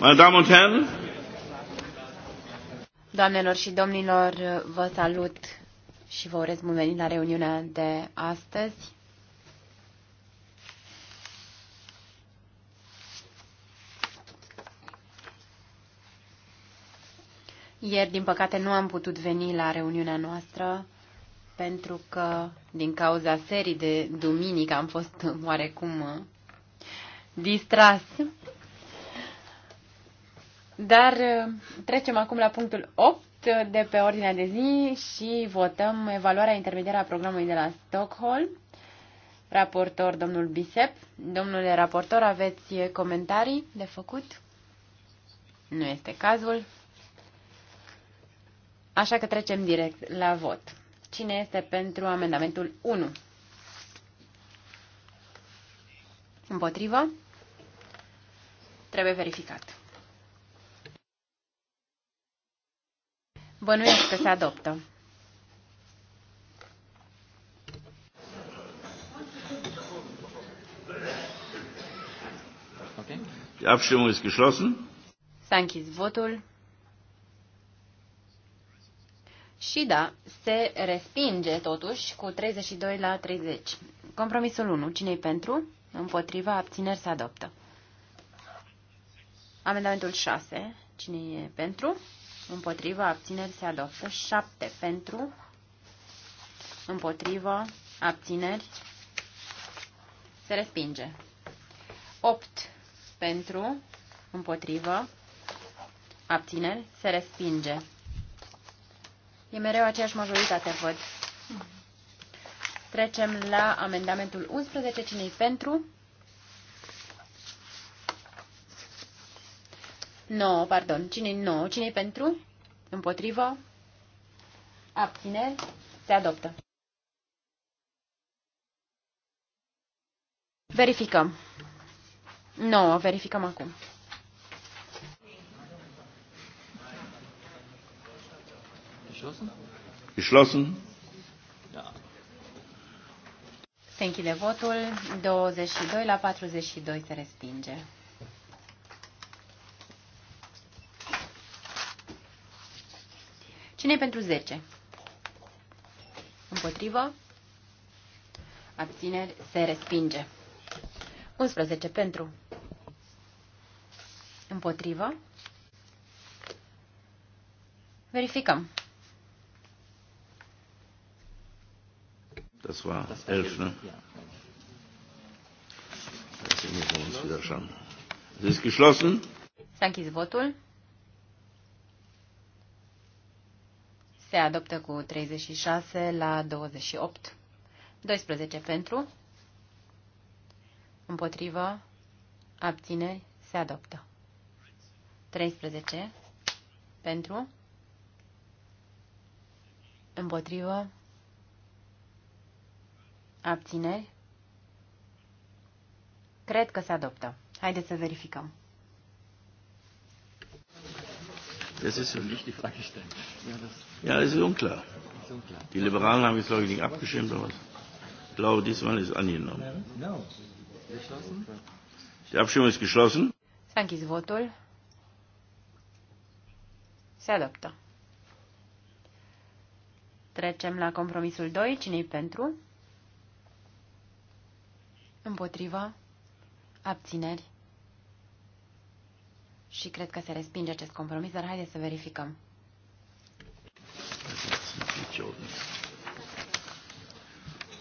Meine Damen und Herren, Doamnelor și domnilor, vă salut și vă urez bun venit la reuniunea de astăzi. Ieri, din păcate, nu am putut veni la reuniunea noastră pentru că, din cauza serii de duminică, am fost oarecum uh, distras dar uh, trecem acum la punctul 8 de pe ordinea de zi și votăm evaluarea intermediară a programului de la Stockholm. Raportor, domnul Bisep. Domnule raportor, aveți comentarii de făcut? Nu este cazul. Așa că trecem direct la vot. Cine este pentru amendamentul 1? Împotrivă? Trebuie verificat. Bănuiesc că se adoptă. Die Abstimmung ist geschlossen. S-a închis votul. Și da, se respinge totuși cu 32 la 30. Compromisul 1. Cine-i pentru? Împotriva, abțineri se adoptă. Amendamentul 6. Cine e pentru? Împotrivă, abțineri se adoptă. 7 pentru. Împotrivă, abțineri se respinge. 8 pentru. Împotrivă, abțineri se respinge. E mereu aceeași majoritate, văd. Trecem la amendamentul 11. Cine-i pentru? 9, pardon. cine No, 9? Cine-i pentru? Împotrivă? Abțineri? Se adoptă. Verificăm. 9. Verificăm acum. Geschlossen? Geschlossen. Da. Se închide votul. 22 la 42 se respinge. cine e pentru 10? Împotrivă. Abțineri se respinge. 11 pentru. Împotrivă. Verificăm. Das war 11, ne? Das ist da geschlossen. s votul. Se adoptă cu 36 la 28. 12 pentru. Împotrivă. Abțineri. Se adoptă. 13 pentru. Împotrivă. Abțineri. Cred că se adoptă. Haideți să verificăm. Das ist für mich die Frage stellen. Ja, das Ja, das ist unklar. Die Liberalen haben jetzt, glaube ich, nicht abgestimmt, aber ich glaube, diesmal ist angenommen. Die Abstimmung ist geschlossen. S-a închis Se adoptă. Trecem la compromisul 2. Cine-i pentru? Împotriva? Abțineri? Și cred că se respinge acest compromis, dar haideți să verificăm.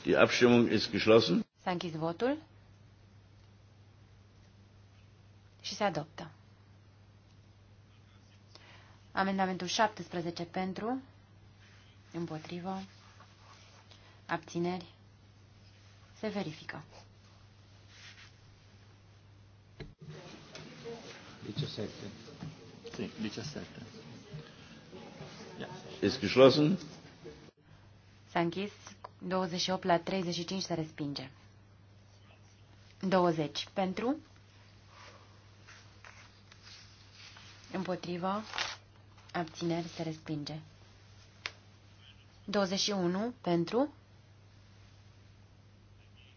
Die Abstimmung ist geschlossen. S-a închis votul și se adoptă. Amendamentul 17 pentru, împotrivă, abțineri, se verifică. 17. Sì, 17. Ist geschlossen. S-a închis. 28 la 35 se respinge. 20 pentru. Împotriva. Abțineri se respinge. 21 pentru.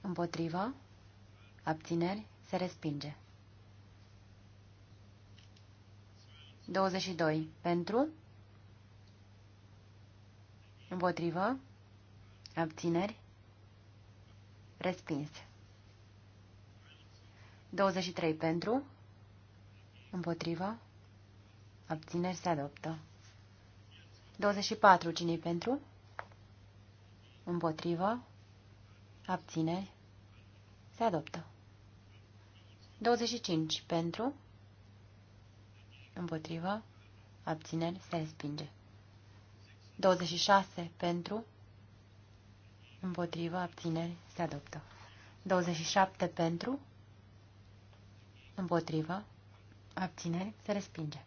Împotriva. Abțineri se respinge. 22 pentru. Împotrivă. Abțineri. Respins. 23 pentru. Împotrivă. Abțineri se adoptă. 24 cine pentru? Împotrivă. Abțineri. Se adoptă. 25 pentru. Împotrivă. Abțineri se respinge. 26 pentru, împotrivă, abțineri, se adoptă. 27 pentru, împotrivă, abțineri, se respinge.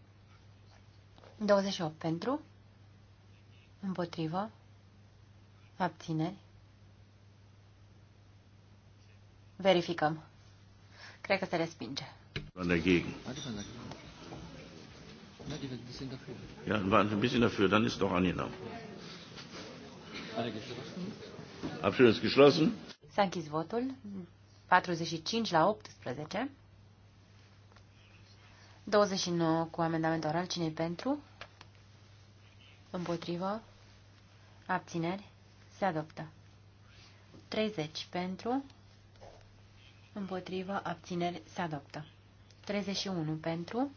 28 pentru, împotrivă, abțineri. Verificăm. Cred că se respinge. Dagegen. Ja, die sind ein dafür. Ja, waren ein bisschen dafür, dann ist doch angenommen. Alle geschlossen. Abstimmung ist geschlossen. s votul. 45 la 18. 29 cu amendament oral. cine pentru? Împotrivă? Abțineri? Se adoptă. 30 pentru? Împotrivă? Abțineri? Se adoptă. 31 pentru?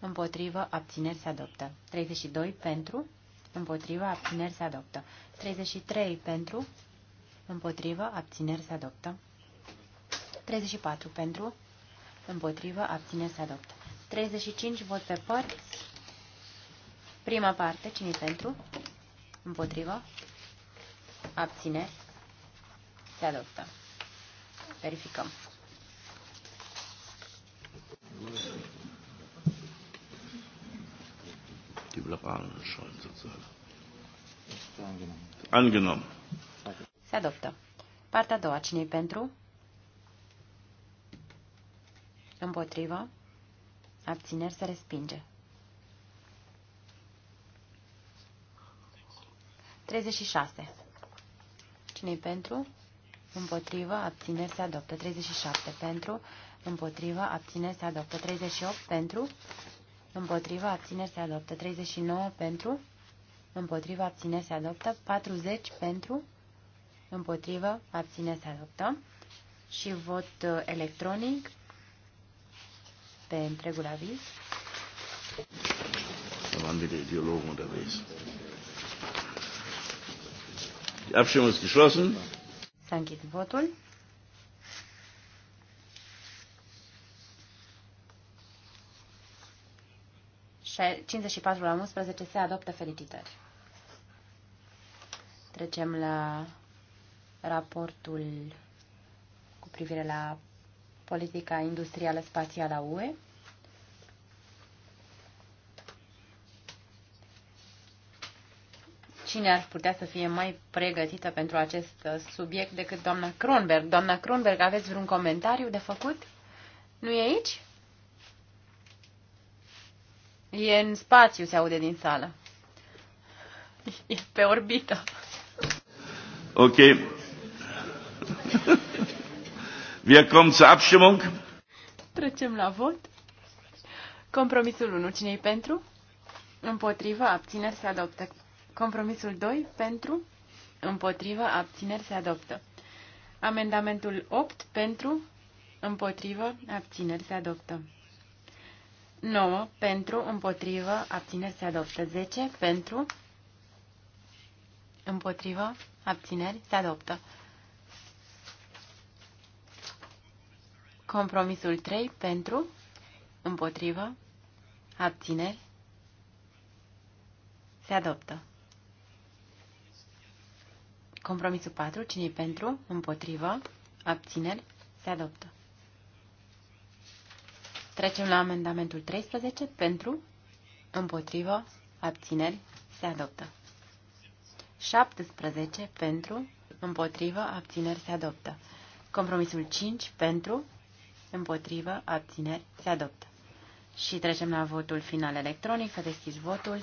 împotrivă, abțineri se adoptă. 32 pentru, împotrivă, abțineri se adoptă. 33 pentru, împotrivă, abțineri se adoptă. 34 pentru, împotrivă, abțineri se adoptă. 35 vot pe părți. Prima parte, cine pentru? Împotrivă. Abțineri. Se adoptă. Verificăm. Blabal schon sozusagen. Angenommen. Se adoptă. Partea a doua. cine pentru? Împotrivă. Abțineri se respinge. 36. cine pentru? Împotrivă, abțineri se adoptă. 37 pentru. Împotrivă, abțineri se adoptă. 38 pentru împotriva abțineri se adoptă. 39 pentru, împotriva abțineri se adoptă. 40 pentru, împotriva abțineri se adoptă. Și vot uh, electronic pe întregul aviz. Am de ideologul de aviz. Abstimmung ist geschlossen. S-a închis votul. 54 la 11 se adoptă felicitări. Trecem la raportul cu privire la politica industrială spațială a UE. Cine ar putea să fie mai pregătită pentru acest subiect decât doamna Kronberg? Doamna Kronberg, aveți vreun comentariu de făcut? Nu e aici? E în spațiu, se aude din sală. E pe orbită. Ok. Wir kommen zur Abstimmung. Trecem la vot. Compromisul 1. cine e pentru? Împotrivă, abțineri, se adoptă. Compromisul 2. Pentru? Împotrivă, abțineri, se adoptă. Amendamentul 8. Pentru? Împotrivă, abțineri, se adoptă. 9 pentru, împotrivă, abțineri se adoptă. 10 pentru, împotrivă, abțineri se adoptă. Compromisul 3 pentru, împotrivă, abțineri se adoptă. Compromisul 4, cine pentru, împotrivă, abțineri se adoptă. Trecem la amendamentul 13. Pentru, împotrivă, abțineri, se adoptă. 17. Pentru, împotrivă, abțineri, se adoptă. Compromisul 5. Pentru, împotrivă, abțineri, se adoptă. Și trecem la votul final electronic. Să deschis votul.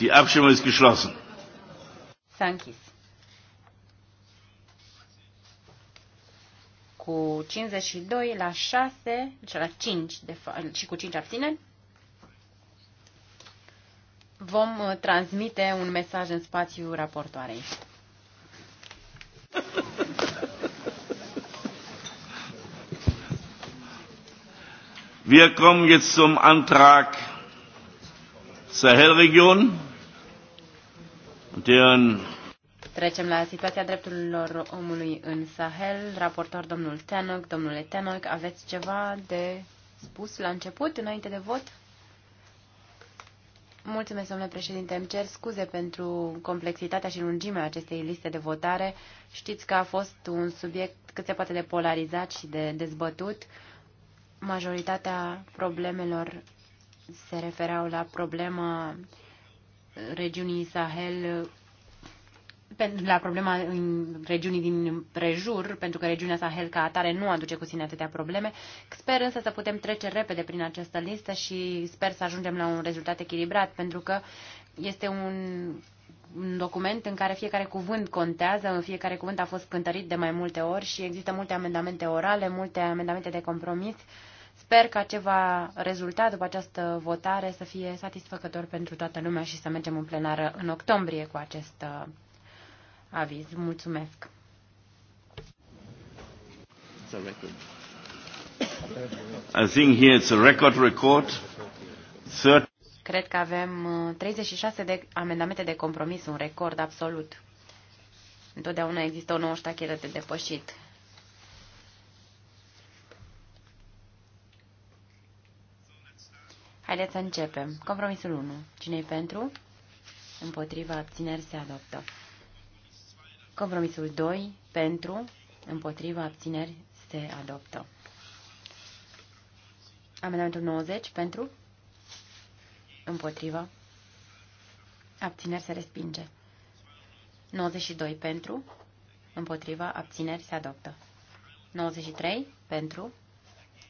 Die Abstimmung ist geschlossen. Thank you. Cu 52 la 6, deci la 5 de și cu 5 abțineri, vom uh, transmite un mesaj în spațiu raportoarei. Wir kommen jetzt zum Antrag Sahelregion deren Trecem la situația drepturilor omului în Sahel. Raportor domnul Tenoc, domnule Tenoc, aveți ceva de spus la început, înainte de vot? Mulțumesc, domnule președinte. Îmi cer scuze pentru complexitatea și lungimea acestei liste de votare. Știți că a fost un subiect cât se poate de polarizat și de dezbătut. Majoritatea problemelor se refereau la problema uh, regiunii Sahel la problema în regiunii din prejur, pentru că regiunea Sahel ca atare nu aduce cu sine atâtea probleme. Sper însă să putem trece repede prin această listă și sper să ajungem la un rezultat echilibrat, pentru că este un, un document în care fiecare cuvânt contează, în fiecare cuvânt a fost cântărit de mai multe ori și există multe amendamente orale, multe amendamente de compromis. Uh, Sper ca ce va rezulta după această votare să fie satisfăcător pentru toată lumea și să mergem în plenară în octombrie cu acest uh, aviz. Mulțumesc! It's a record. I think here it's a record record. 30... Cred că avem 36 uh, de amendamente de compromis, un record absolut. Întotdeauna există o nouă ștachetă de depășit. Haideți să începem. Compromisul 1. Cine-i pentru? Împotriva abțineri se adoptă. Compromisul 2. Pentru? Împotriva abțineri se adoptă. Amendamentul 90. Pentru? Împotriva. Abțineri se respinge. 92. Pentru? Împotriva. Abțineri se adoptă. 93. Pentru?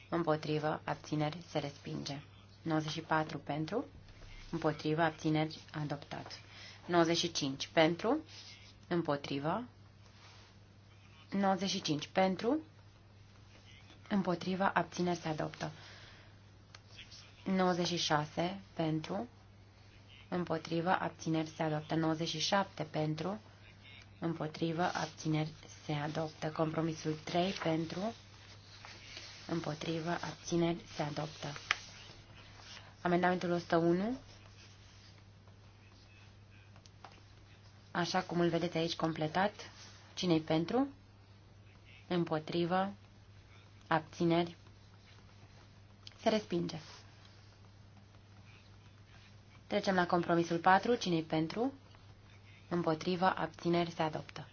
Împotriva. abțineri, se respinge. 94 pentru, împotriva, abțineri, adoptat. 95 pentru, împotriva, 95 pentru, împotriva, abțineri, se adoptă. 96 pentru, împotrivă, abțineri se adoptă. 97 pentru, împotrivă, abțineri se adoptă. Compromisul 3 pentru, împotrivă, abțineri se adoptă. Amendamentul 101, așa cum îl vedeți aici completat, cine pentru? Împotrivă? Abțineri? Se respinge. Trecem la compromisul 4. cine pentru? Împotrivă, abțineri, se adoptă.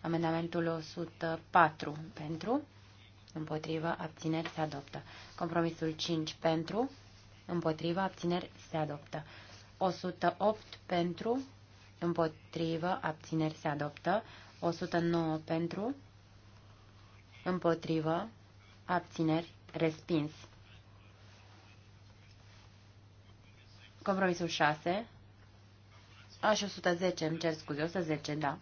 Amendamentul 104 pentru, împotrivă, abțineri, se adoptă. Compromisul 5 pentru, împotriva, abțineri, se adoptă. 108 pentru, împotrivă, abțineri, se adoptă. 109 pentru, împotrivă, abțineri, respins. Compromisul 6, aș 110, îmi cer scuze, 110, da.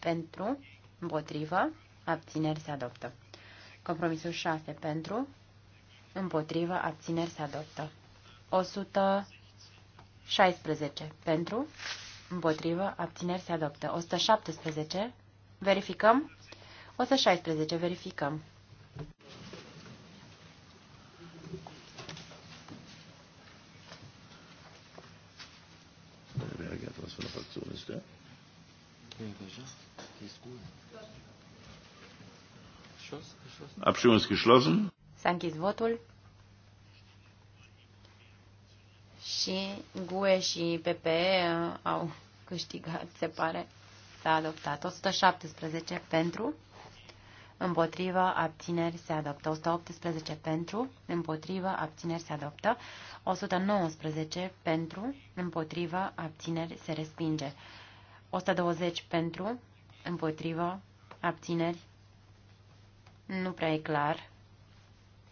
Pentru, împotrivă, abțineri, se adoptă. Compromisul 6 pentru, Împotrivă. Abțineri se adoptă. 116. Pentru. Împotrivă. Abțineri se adoptă. 117. Verificăm. 116. Verificăm. sono Abstimmung ist geschlossen. S-a închis votul. Și GUE și PPE uh, au câștigat, se pare. S-a adoptat 117 pentru, împotrivă, abțineri se adoptă. 118 pentru, împotrivă, abțineri se adoptă. 119 pentru, împotrivă, abțineri se respinge. 120 pentru, împotrivă, abțineri. Nu prea e clar.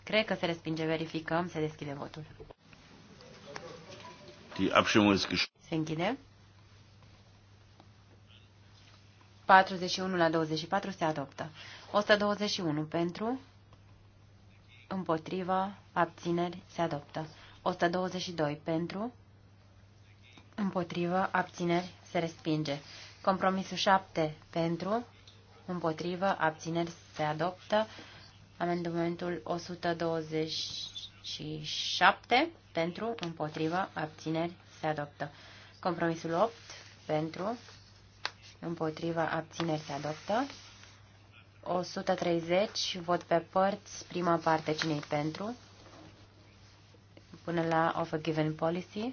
Cred că se respinge. Verificăm. Se deschide votul. Se închide. 41 la 24 se adoptă. 121 pentru, împotrivă, abțineri, se adoptă. 122 pentru, împotrivă, abțineri, se respinge. Compromisul 7 pentru, împotrivă, abțineri, se adoptă. Amendamentul 127 pentru, împotrivă, abțineri se adoptă. Compromisul 8 pentru, împotrivă, abțineri se adoptă. 130, vot pe părți, prima parte, cine pentru? Până la of a given policy.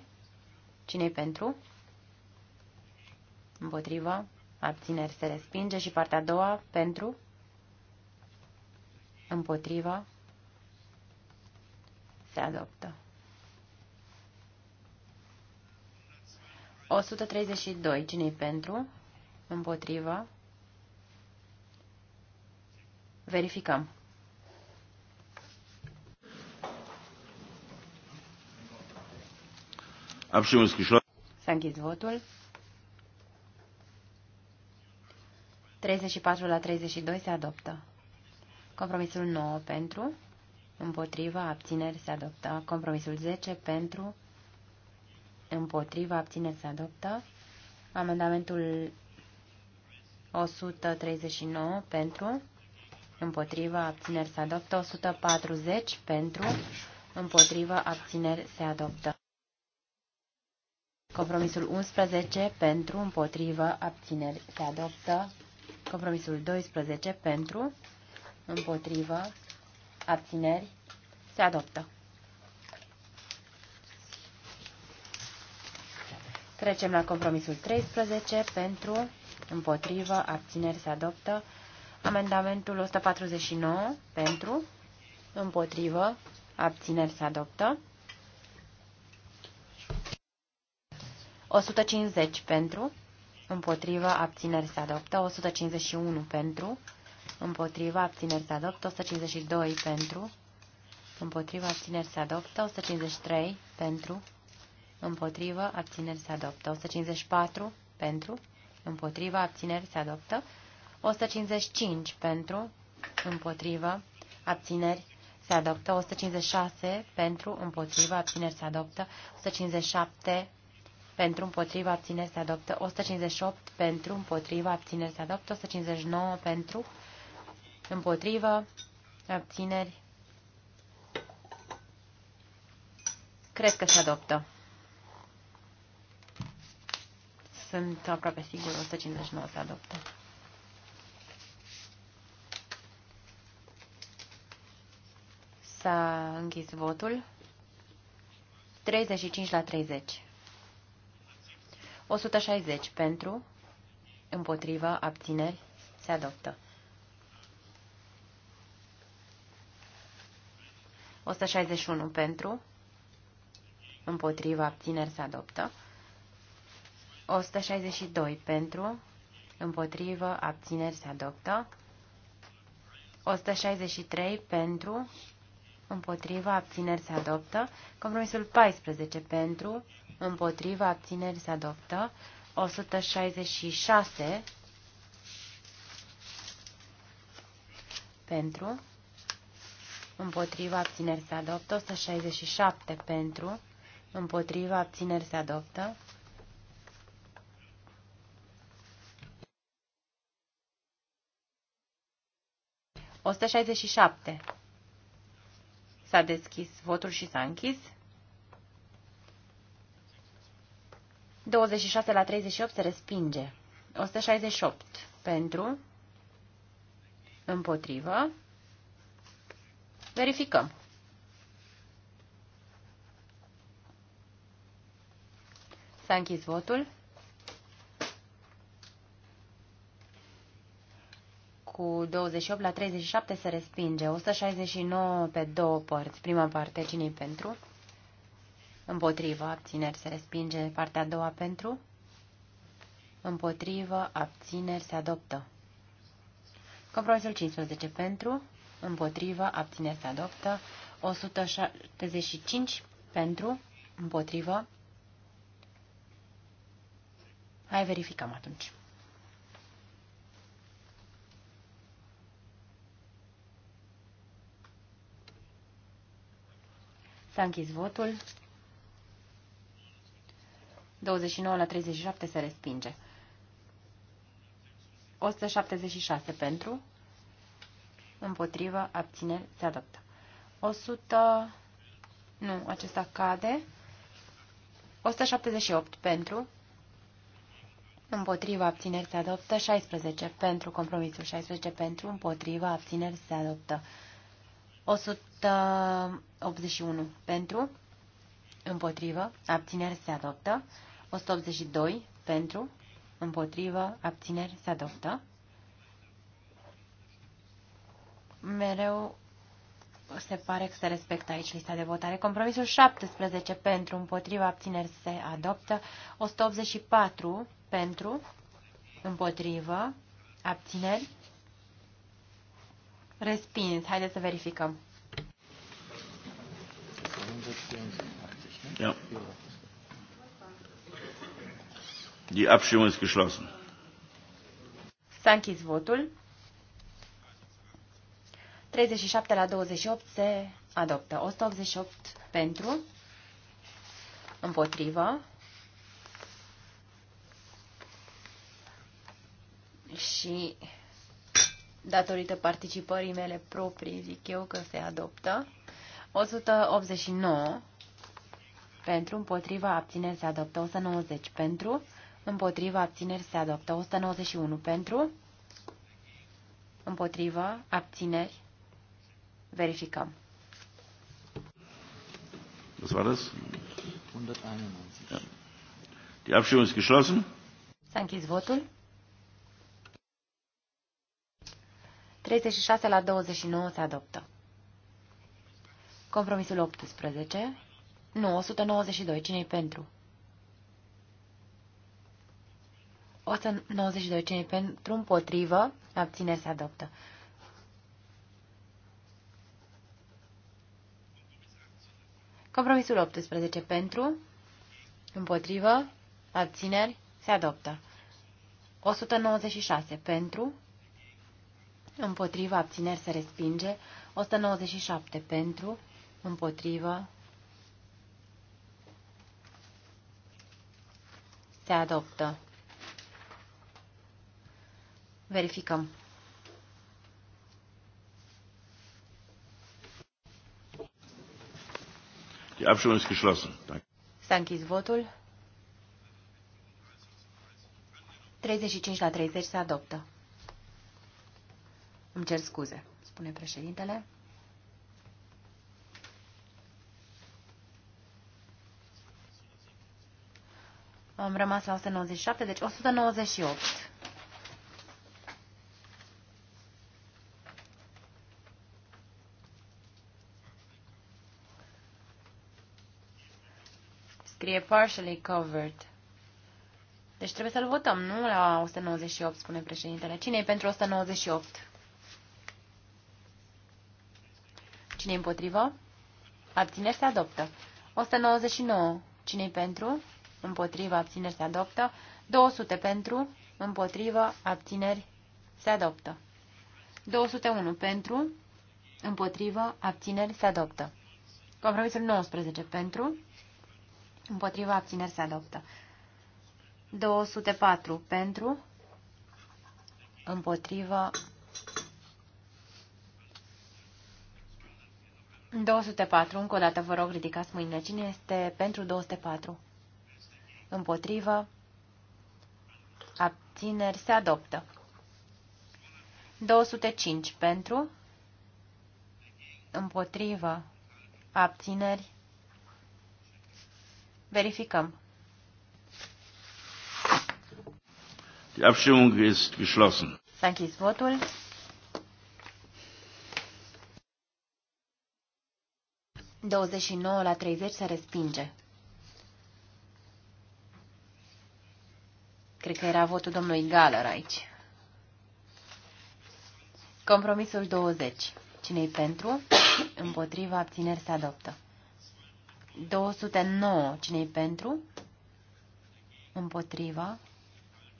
cine pentru? Împotrivă, abțineri se respinge. Și partea a doua, pentru? Împotriva. Se adoptă. 132. Cine-i pentru? Împotriva. Verificăm. S-a închis votul. 34 la 32 se adoptă. Compromisul 9 pentru, împotriva, abțineri se adoptă. Compromisul 10 pentru, împotriva, abțineri se adoptă. Amendamentul 139 pentru, împotriva, abțineri se adoptă. 140 pentru, împotriva, abțineri se adoptă. Compromisul 11 pentru, împotriva abțineri se adoptă. Compromisul 12 pentru, împotrivă, abțineri, se adoptă. Trecem la compromisul 13 pentru, împotrivă, abțineri se adoptă. Amendamentul 149 pentru, împotrivă, abțineri se adoptă. 150 pentru, împotrivă, abțineri se adoptă. 151 pentru, împotriva, abțineri se adoptă, 152 pentru, împotriva, abțineri se adoptă, 153 pentru, Împotriva abțineri se adoptă, 154 pentru, împotriva, abțineri se adoptă, 155 pentru, Împotriva abțineri se adoptă, 156 pentru, împotriva, abțineri se adoptă, 157 pentru împotriva abțineri se adoptă 158, pentru împotriva abțineri se adoptă 159, pentru Împotrivă. Abțineri. Cred că se adoptă. Sunt aproape sigur 159 se adoptă. S-a închis votul. 35 la 30. 160 pentru, împotrivă, abțineri, se adoptă. 161 pentru, împotriva abțineri se adoptă. 162 pentru, împotrivă abțineri se adoptă. 163 pentru, împotrivă, abțineri se adoptă. Compromisul 14 pentru, împotrivă, abțineri se adoptă. 166 pentru, împotriva abțineri se adoptă, 167 pentru, împotriva abțineri se adoptă. Osta șapte. S-a deschis votul și s-a închis. 26 la 38 se respinge. 168 pentru, împotrivă, Verificăm. S-a închis votul. Cu 28 la 37 se respinge. 169 pe două părți. Prima parte, cine pentru? Împotrivă, abțineri se respinge. Partea a doua pentru? Împotrivă, abțineri se adoptă. Compromisul 15 pentru, împotrivă, abține, se adoptă. 175 pentru, împotrivă. Hai verificăm atunci. S-a închis votul. 29 la 37 se respinge. 176 pentru, împotrivă, abțineri, se adoptă. 100, nu, acesta cade. 178 pentru, Împotriva abțineri se adoptă 16 pentru compromisul 16 pentru împotriva abțineri se adoptă 181 pentru împotrivă abțineri se adoptă 182 pentru împotrivă abțineri se adoptă mereu se pare că se respectă aici lista de votare. Compromisul 17 pentru, împotriva abțineri se adoptă, 184 pentru, împotrivă, abțineri, respins. Haideți să verificăm. Ja. Die Abstimmung ist geschlossen. Sankis votul. 37 la 28 se adoptă. 188 pentru, împotrivă. Și datorită participării mele proprii, zic eu că se adoptă. 189 pentru, împotrivă, abțineri se adoptă. 190 pentru, împotrivă, abțineri se adoptă. 191 pentru, împotrivă, abțineri Verificăm. Was war das? 191. Ja. Die Abstimmung ist geschlossen. S-a închis votul. 36 la 29 se adoptă. Compromisul 18. Nu, 192. cine pentru? 192. Cine-i pentru? Împotrivă. Abține se adoptă. Compromisul 18 pentru, împotrivă, abțineri, se adoptă. 196 pentru, împotrivă, abțineri, se respinge. 197 pentru, împotrivă, se adoptă. Verificăm. Die Abstimmung ist geschlossen. Danke. S-a închis votul. 35 la 30 se adoptă. Îmi cer scuze, spune președintele. Am rămas la 197, deci 198. scrie partially covered. Deci trebuie să-l votăm, nu la 198, spune președintele. Cine e pentru 198? Cine e împotrivă? Abțineri se adoptă. 199. Cine e pentru? Împotrivă, abțineri se adoptă. 200 pentru, împotrivă, abțineri se adoptă. 201 pentru, împotrivă, abțineri se adoptă. Compromisul 19 pentru, Împotriva abțineri se adoptă. 204 pentru. Împotriva. 204. Încă o dată vă rog ridicați mâinile. Cine este pentru 204? Împotriva. Abțineri se adoptă. 205 pentru. Împotriva. Abțineri Verificăm. Die Abstimmung ist geschlossen. S-a închis votul. la 30 se respinge. Cred că era votul domnului Galler aici. Compromisul 20. Cine-i pentru? Împotriva abțineri se adoptă. 209. Cine-i pentru? Împotriva.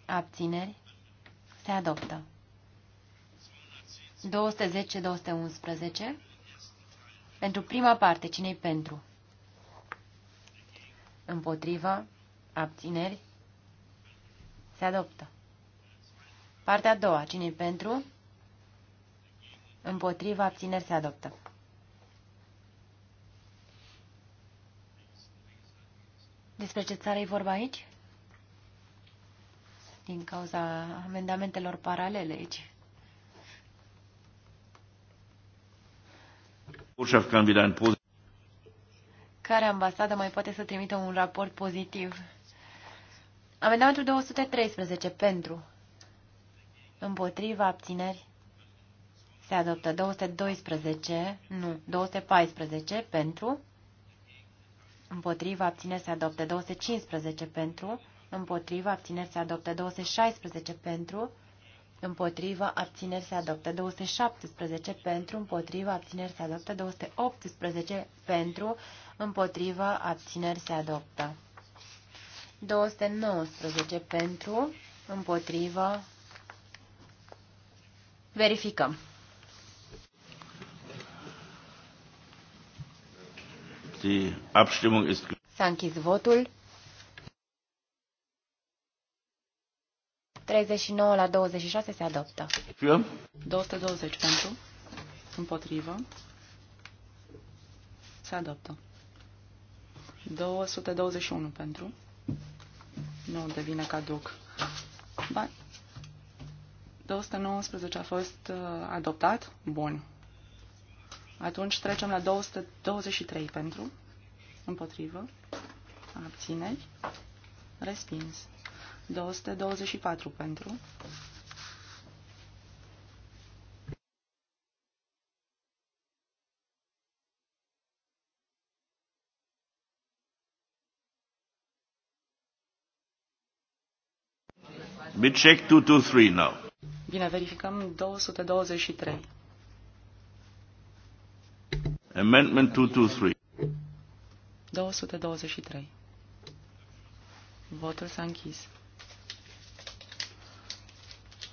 Abțineri. Se adoptă. 210-211. Pentru prima parte, cine-i pentru? Împotrivă. Abțineri. Se adoptă. Partea a doua, cine-i pentru? Împotriva, abțineri, se adoptă. Despre ce țară e vorba aici? Din cauza amendamentelor paralele aici. Care ambasadă mai poate să trimită un raport pozitiv? Amendamentul 213 pentru. Împotriva abțineri. Se adoptă 212, nu, 214 pentru împotriva abține se adopte 215 pentru, împotriva abține se adopte 216 pentru, împotriva abțineri se adoptă 217 pentru, împotriva abțineri se adoptă 218 pentru, împotriva abțineri se adoptă 219 pentru, împotriva, verificăm. Die Abstimmung ist S-a închis votul. 39 la 26 se adoptă. Für? 220 pentru. Împotrivă. Se adoptă. 221 pentru. Nu devine caduc. Ba, 219 a fost uh, adoptat. Bun. Atunci trecem la 223 pentru, împotrivă, abțineri, respins. 224 pentru, We check 223 now. Bine, verificăm 223. Amendment 223. 223. Votul s-a închis.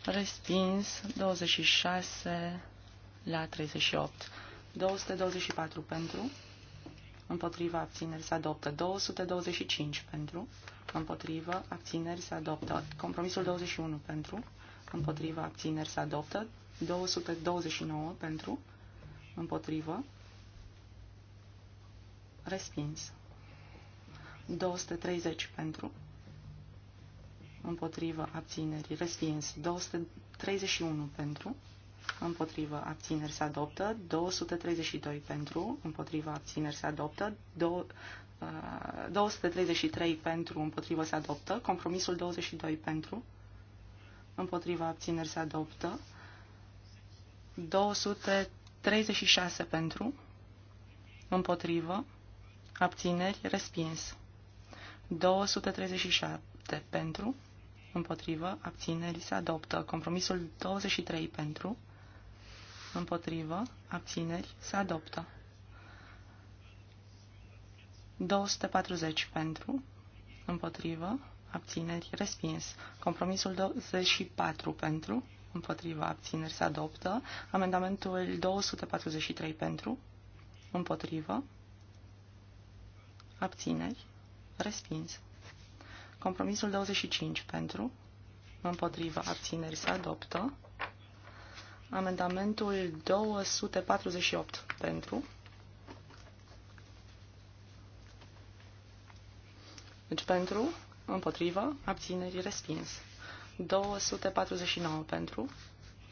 Respins 26 la 38. 224 pentru. Împotriva abțineri se adoptă 225 pentru. Împotriva abțineri se adoptă. Compromisul 21 pentru. Împotriva abțineri se adoptă. 229 pentru. Împotriva. Respins. 230 pentru. Împotrivă abținerii. Respins. 231 pentru. Împotrivă abțineri se adoptă. 232 pentru. Împotrivă abțineri se adoptă. 233 uh, pentru. Împotrivă se adoptă. Compromisul 22 pentru. împotrivă abțineri se adoptă. 236 pentru. Împotrivă abțineri, respins. 237 pentru, împotrivă, abțineri, se adoptă. Compromisul 23 pentru, împotrivă, abțineri, se adoptă. 240 pentru, împotrivă, abțineri, respins. Compromisul 24 pentru, împotriva, abțineri, se adoptă. Amendamentul 243 pentru, împotrivă, abțineri, respins. Compromisul 25 pentru, împotriva, abțineri se adoptă. Amendamentul 248 pentru. Deci pentru, împotriva, abțineri, respins. 249 pentru,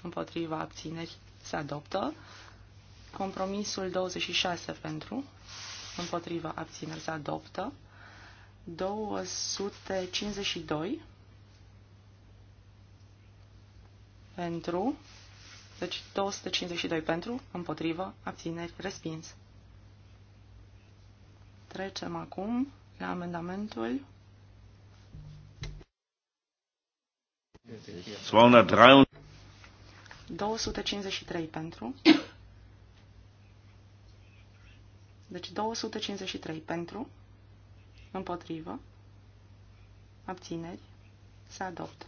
împotriva, abțineri, se adoptă. Compromisul 26 pentru, împotriva, abțineri se adoptă. 252 pentru, deci 252 pentru, împotrivă, abțineri, respins. Trecem acum la amendamentul deci, 253 pentru, deci 253 pentru, împotrivă, abțineri, se adoptă.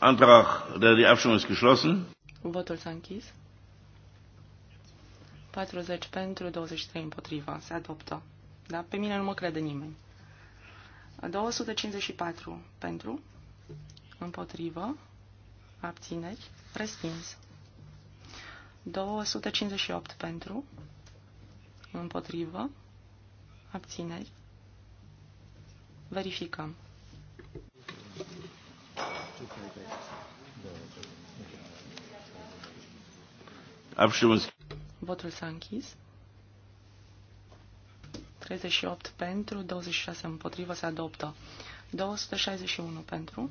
Antrag, die Abstimmung ist geschlossen. Votul s-a închis. 40 pentru, 23 împotriva. Se adoptă. Da? Pe mine nu mă crede nimeni. 254 pentru, împotrivă, abțineri, respins. 258 pentru, împotrivă, abțineri, verificăm. Votul s-a închis. 38 pentru, 26 împotrivă se adoptă. 261 pentru.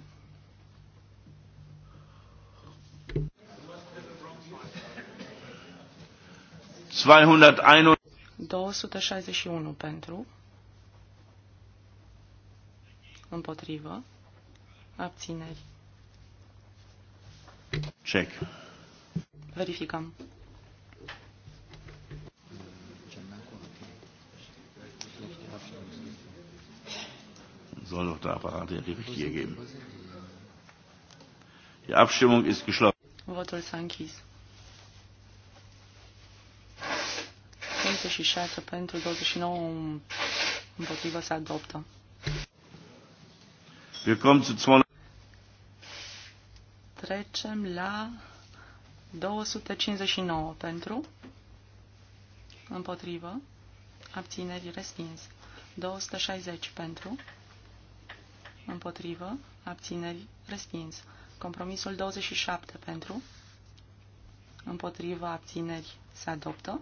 ...261 pentru, împotrivă, abțineri. Check. Verificăm. soll doch da der Apparat der Richtlinie geben. Die Abstimmung ist geschlossen. Votul s-a închis. 36 pentru 29 împotrivă se adoptă. Wir kommen zu 200. Trecem la 259 pentru împotrivă abțineri respins. 260 pentru Împotrivă. Abțineri. Respins. Compromisul 27 pentru. Împotrivă. Abțineri. Se adoptă.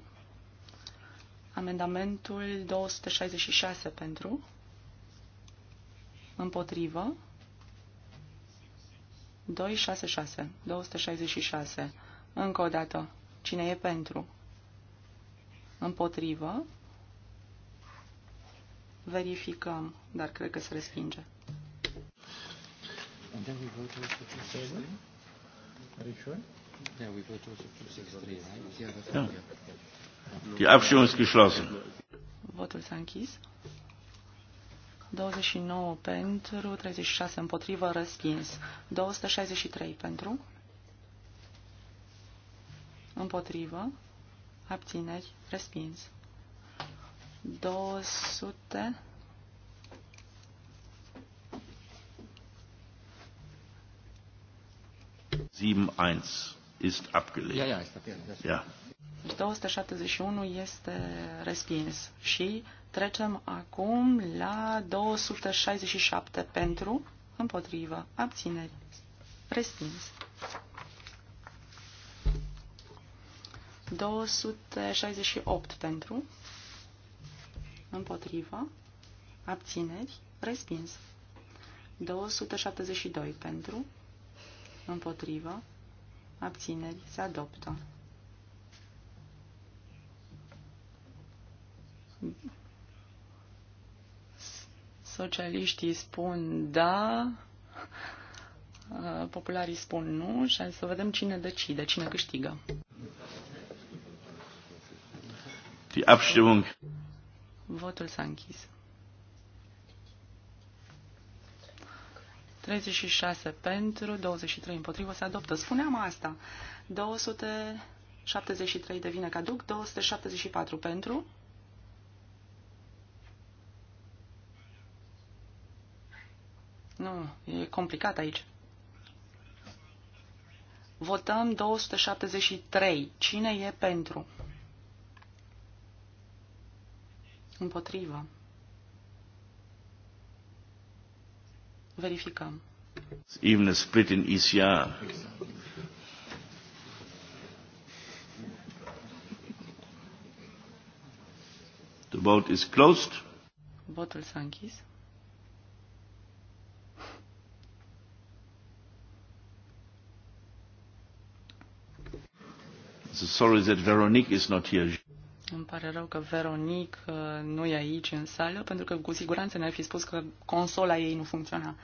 Amendamentul 266 pentru. Împotrivă. 266. 266. Încă o dată. Cine e pentru? Împotrivă. Verificăm, dar cred că se respinge. And then we vote also 263. Are you sure? Yeah, we vote also 263, right? Yeah, that's yeah. Yeah. Die Abstimmung ist geschlossen. Votul s-a închis. 29 pentru, 36 împotrivă, respins. 263 pentru, împotrivă, abțineri, respins. 200 271 ist abgelehnt. Ja, ja, este abgelehnt. Ja. 271 este respins și trecem acum la 267 pentru, împotrivă, abțineri, respins. 268 pentru, împotrivă, abțineri, respins. 272 pentru, Împotrivă. Abțineri. Se adoptă. Socialiștii spun da, popularii spun nu și să vedem cine decide, cine câștigă. Die Abstimmung. Votul s-a închis. 36 pentru, 23 împotrivă se adoptă. Spuneam asta. 273 devine caduc, 274 pentru. Nu, e complicat aici. Votăm 273. Cine e pentru? Împotrivă. Verificăm. Even a split in ECR. The vote is closed. Votul s-a închis. So sorry that Veronique is not here. Îmi pare rău că Veronic uh, nu e aici în sală, pentru că cu siguranță ne-ar fi spus că consola ei nu funcționa.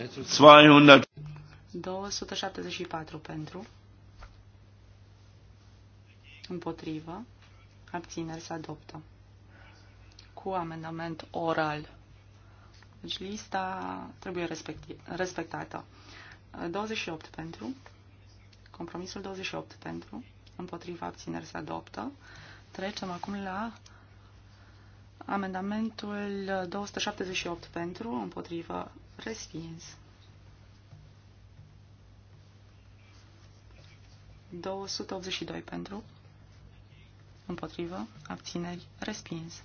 200. 274 pentru. Împotrivă. Abțineri se adoptă. Cu amendament oral. Deci lista trebuie respectată. 28 uh, pentru. Compromisul 28 pentru, împotriva abțineri se adoptă. Trecem acum la amendamentul 278 pentru, împotriva respins. 282 pentru, împotrivă, abțineri, respins.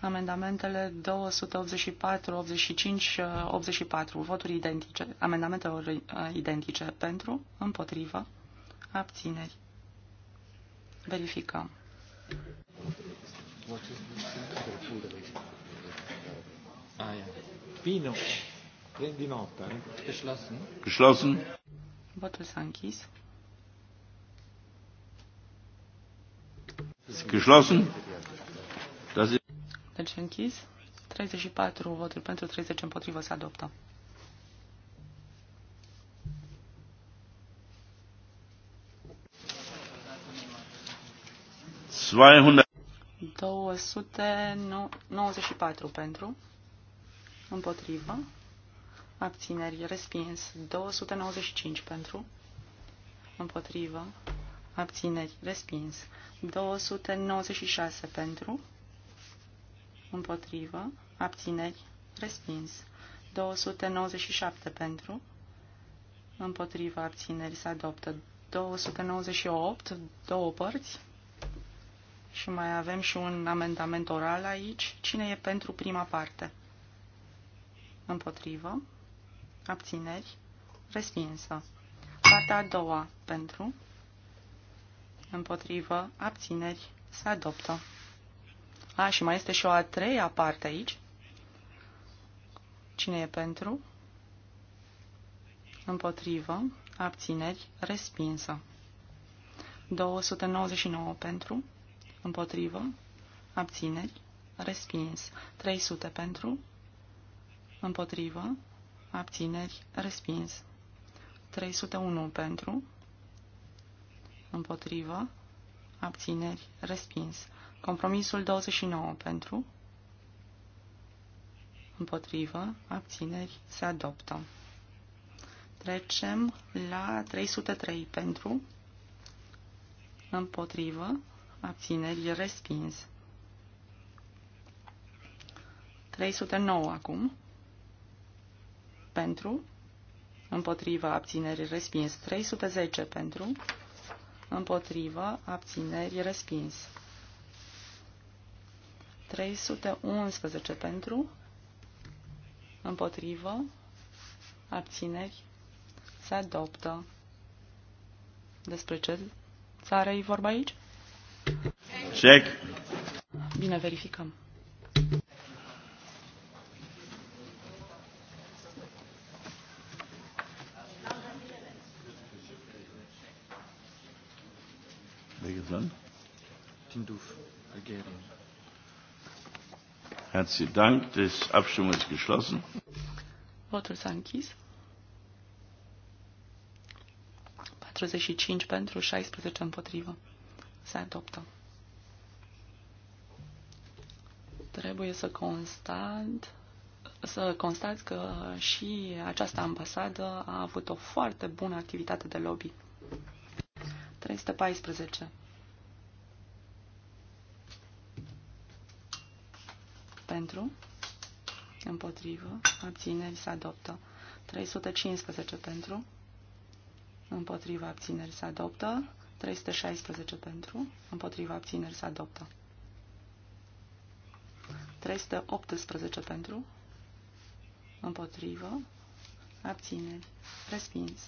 Amendamentele 284, 85, 84, voturi identice, amendamente uh, identice pentru, împotrivă, abțineri. Verificăm. Ah, Bine. Pino. Prendi nota. Geschlossen. Votul s-a închis. Geschlossen. Das ist deci închis. 34 voturi pentru, 30 împotrivă se adoptă. Zweihundert. 294 pentru, împotrivă, abțineri, respins, 295 pentru, împotrivă, abțineri, respins, 296 pentru, împotrivă, abțineri, respins. 297 pentru, împotrivă, abțineri, se adoptă. 298, două părți. Și mai avem și un amendament oral aici. Cine e pentru prima parte? Împotrivă, abțineri, respinsă. Partea a doua, pentru, împotrivă, abțineri, se adoptă. A, și mai este și o a treia parte aici. Cine e pentru? Împotrivă. Abțineri. Respinsă. 299 pentru. Împotrivă. Abțineri. Respins. 300 pentru. Împotrivă. Abțineri. Respins. 301 pentru. Împotrivă. Abțineri. Respins. Compromisul 29 pentru, împotrivă, abțineri, se adoptă. Trecem la 303 pentru, împotrivă, abțineri, respins. 309 acum, pentru, împotrivă, abțineri, respins. 310 pentru, împotrivă, abțineri, respins. 311 pentru, împotrivă, abțineri, se adoptă. Despre ce țară e vorba aici? Check. Bine, verificăm. Welches Land? Tinduf, Algerien. Herzlichen Dank. Das Abstimmung ist geschlossen. Votul s-a închis. 45 pentru, 16 împotrivă. Se adoptă. Trebuie să constat să constați că și această ambasadă a avut o foarte bună activitate de lobby. 314 pentru, împotrivă, abțineri se adoptă. 315 pentru, împotrivă, abțineri se adoptă. 316 pentru, împotrivă, abțineri se adoptă. 318 pentru, împotrivă, abțineri, respins.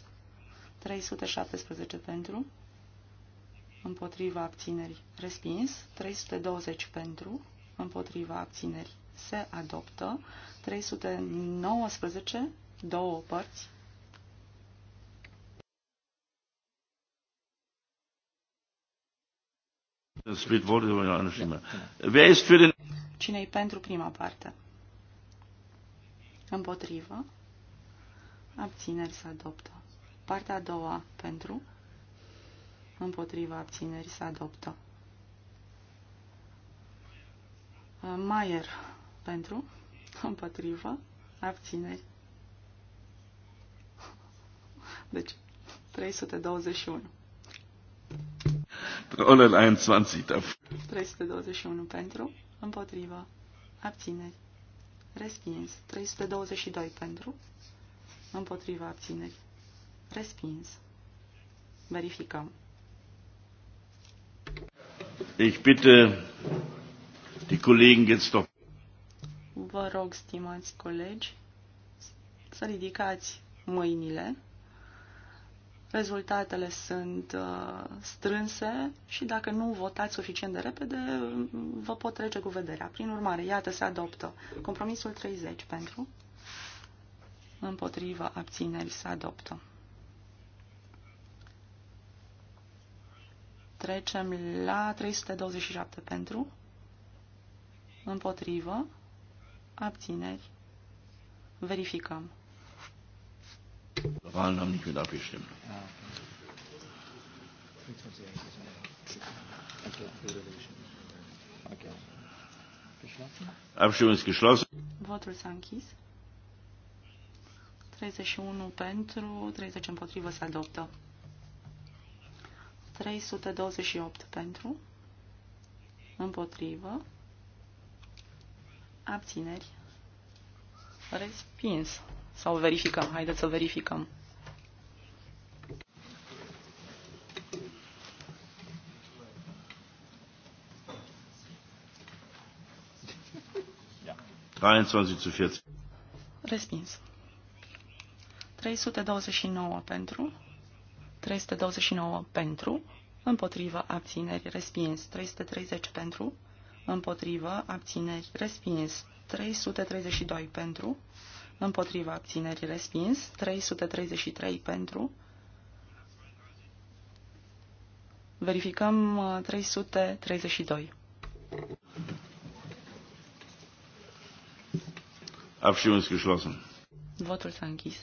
317 pentru, împotriva abțineri, respins. 320 pentru, împotriva abțineri, se adoptă. 319, două părți. Cine-i pentru prima parte? Împotrivă. Abțineri se adoptă. Partea a doua pentru. Împotriva abțineri se adoptă. Maier pentru, împotrivă, abțineri. Deci, 321. 321. 321 pentru, împotrivă, abțineri. Respins. 322 pentru, împotriva abțineri. Respins. Verificăm. Ich bitte die Kollegen jetzt doch vă rog, stimați colegi, să ridicați mâinile. Rezultatele sunt uh, strânse și dacă nu votați suficient de repede, vă pot trece cu vederea. Prin urmare, iată, se adoptă compromisul 30 pentru, împotriva abțineri se adoptă. Trecem la 327 pentru, împotrivă, abțineri, verificăm. Wahlen haben am mit abgestimmt. Abstimmung ist Votul s-a închis. 31 pentru, 30 împotrivă se adoptă. 328 pentru, împotrivă, Abțineri. Respins. Sau verificăm. Haideți să verificăm. Respins. 329 pentru. 329 pentru. Împotriva abțineri. Respins. 330 pentru împotrivă, abțineri, respins. 332 pentru, împotrivă, abțineri, respins. 333 pentru. Verificăm 332. Abțineri, geschlossen. Votul s-a închis.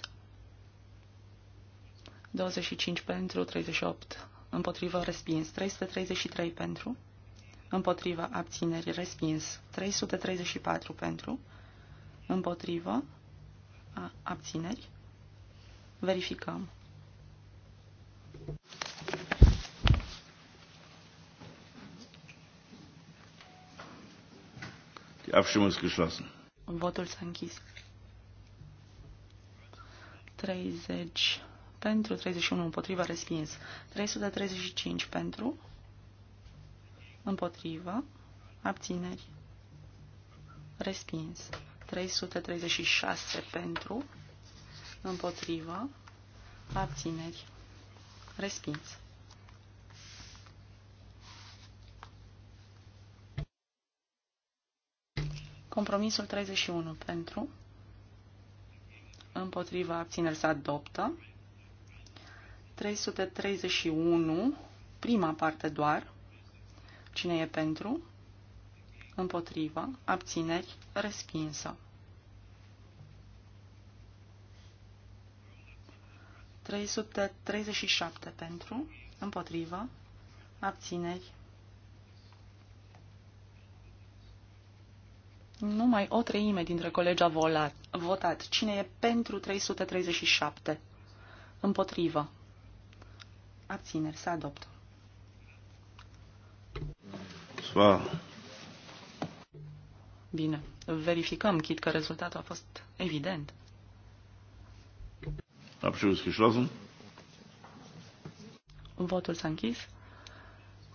25 pentru, 38 împotrivă, respins. 333 pentru. Împotrivă, abțineri, respins. 334 pentru, Împotrivă, abțineri. Verificăm. Die Votul s-a închis. 30 pentru, 31 împotriva, respins. 335 pentru, împotrivă, abțineri, respins. 336 pentru, împotrivă, abțineri, respins. Compromisul 31 pentru, Împotrivă abțineri se adoptă. 331, prima parte doar, Cine e pentru? Împotrivă. Abțineri. Respinsă. 337 pentru, împotrivă, abțineri. Numai o treime dintre colegi a volat, votat. Cine e pentru 337? Împotrivă. Abțineri. Se adoptă war. Bine, verificăm, chit că rezultatul a fost evident. Votul s-a închis.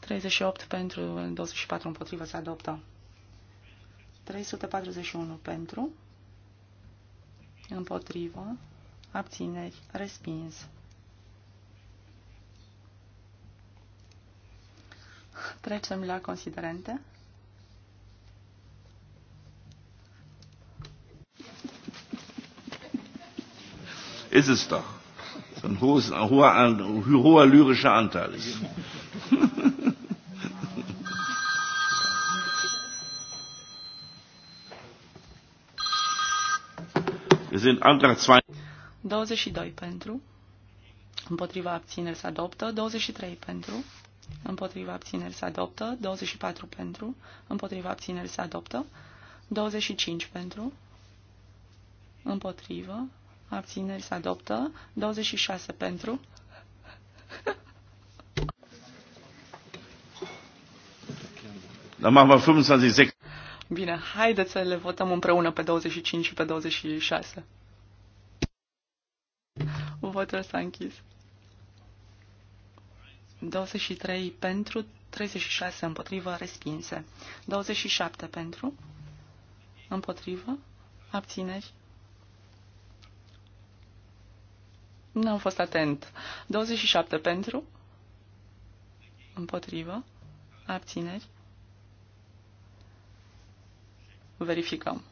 38 pentru, 24 împotrivă se adoptă. 341 pentru, împotrivă, abțineri, respins. Trecem la considerente. Ist es doch. So ein, hohes, ein hoher, ein hoher lyrischer Anteil ist. Wir sind Antrag 2. 22 pentru. Împotriva abțineri se adoptă. 23 pentru împotriva abțineri se adoptă, 24 pentru, împotriva abțineri se adoptă, 25 pentru, împotrivă, abțineri se adoptă, 26 pentru, Dar m-am 25, Bine, haideți să le votăm împreună pe 25 și pe 26. Votul s-a închis. 23 pentru, 36 împotrivă, respinse. 27 pentru, împotrivă, abțineri. Nu am fost atent. 27 pentru, împotrivă, abțineri. Verificăm.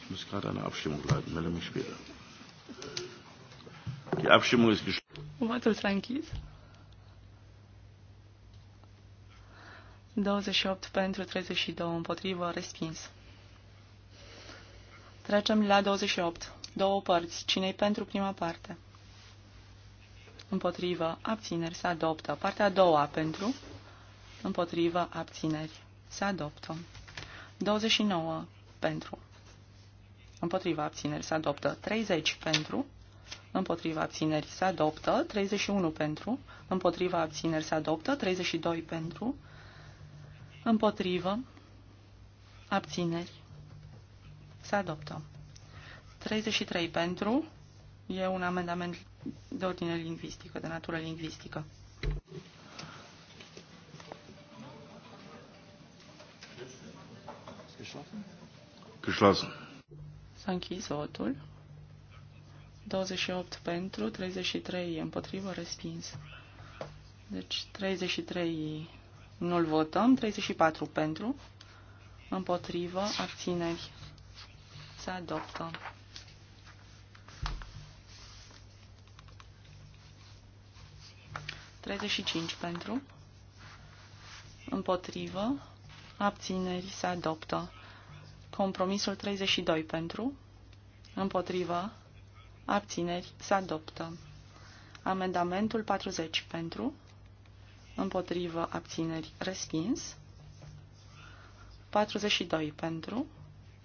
Ich muss gerade eine Abstimmung Abstimmung ist Votul s-a închis. 28 pentru 32 împotrivă, respins. Trecem la 28. Două părți. Cine-i pentru prima parte? Împotrivă, abțineri, se adoptă. Partea a doua pentru, împotrivă, abțineri, se adoptă. 29 pentru, împotrivă, abțineri, se adoptă. 30 pentru, împotriva abțineri se adoptă, 31 pentru, împotriva abțineri se adoptă, 32 pentru, împotriva abțineri, se adoptă. 33 pentru, e un amendament de ordine lingvistică, de natură lingvistică. S-a închis votul. 28 pentru, 33 împotrivă, respins. Deci 33 nu-l votăm, 34 pentru, împotrivă, abțineri. Se adoptă. Treizeci și cinci pentru, împotrivă, abțineri se adoptă. Compromisul 32 pentru, împotriva, Abțineri. Se adoptă. Amendamentul 40 pentru. Împotrivă. Abțineri. Respins. 42 pentru.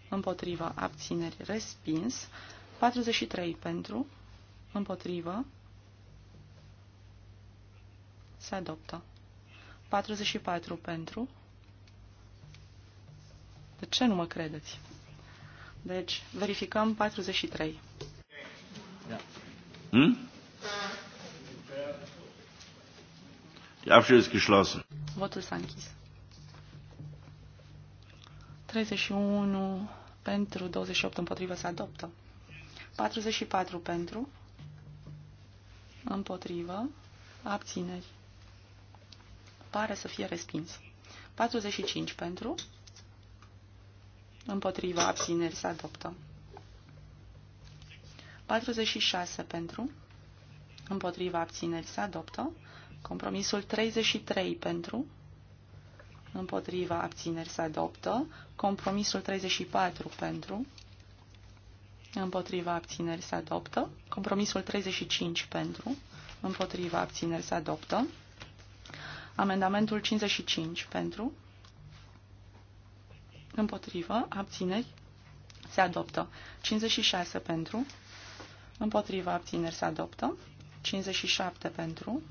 Împotrivă. Abțineri. Respins. 43 pentru. Împotrivă. Se adoptă. 44 pentru. De ce nu mă credeți? Deci, verificăm 43. Hm? Die Abstimmung ist geschlossen. Votul s-a închis. 31 pentru, 28 împotrivă se adoptă. 44 pentru, împotrivă, abțineri. Pare să fie respins. 45 pentru, împotrivă, abțineri se adoptă. 46 pentru, împotriva abțineri se adoptă. Compromisul 33 pentru, împotriva abțineri se adoptă. Compromisul 34 pentru, împotriva abțineri se adoptă. Compromisul 35 pentru, împotriva abțineri se adoptă. Amendamentul 55 pentru, împotriva abțineri, se adoptă. 56 pentru, Împotriva abțineri se adoptă. 57 pentru.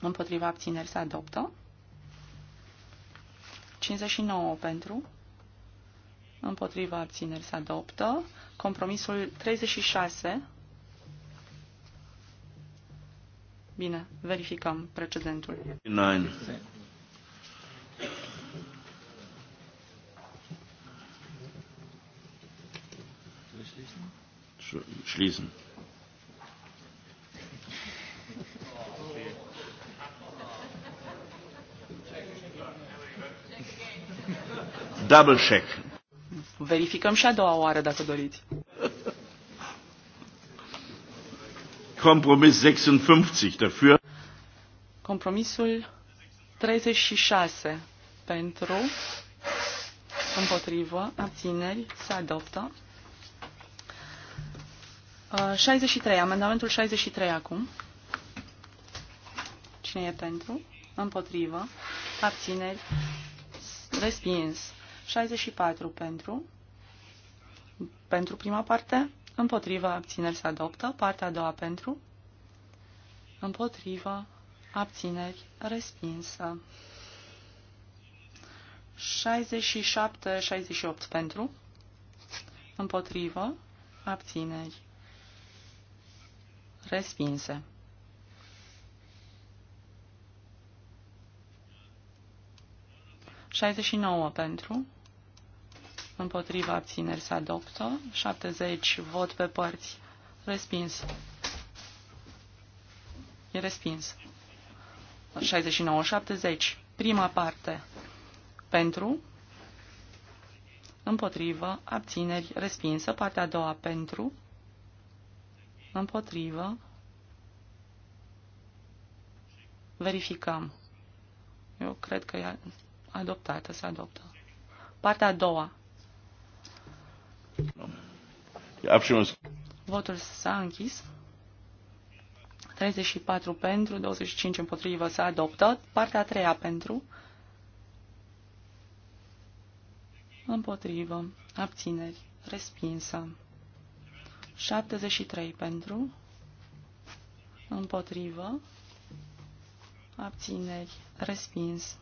Împotriva abțineri se adoptă. 59 pentru. Împotriva abțineri se adoptă. Compromisul 36. Bine, verificăm precedentul. 9. Schließen. double check. Verificăm și a doua oară, dacă doriți. Compromis 56 dafür. Compromisul 36 pentru, împotrivă, abțineri, se adoptă. 63, uh, amendamentul 63 acum. Cine e pentru? Împotrivă. Abțineri. Respins. 64 pentru, pentru prima parte, împotriva abțineri se adoptă, partea a doua pentru, împotriva abțineri respinsă. 67-68 pentru, împotrivă, abțineri, respinse. 69 pentru, împotriva abțineri se adoptă, 70 vot pe părți, respins. E respins. 69, 70, prima parte, pentru, împotrivă, abțineri, respinsă, partea a doua pentru, împotrivă, verificăm. Eu cred că adoptată, se adoptă. Partea a doua. Votul s-a închis. 34 pentru, 25 împotrivă s-a adoptat. Partea a treia pentru. Împotrivă. Abțineri. Respinsă. 73 pentru. Împotrivă. Abțineri. Respinsă.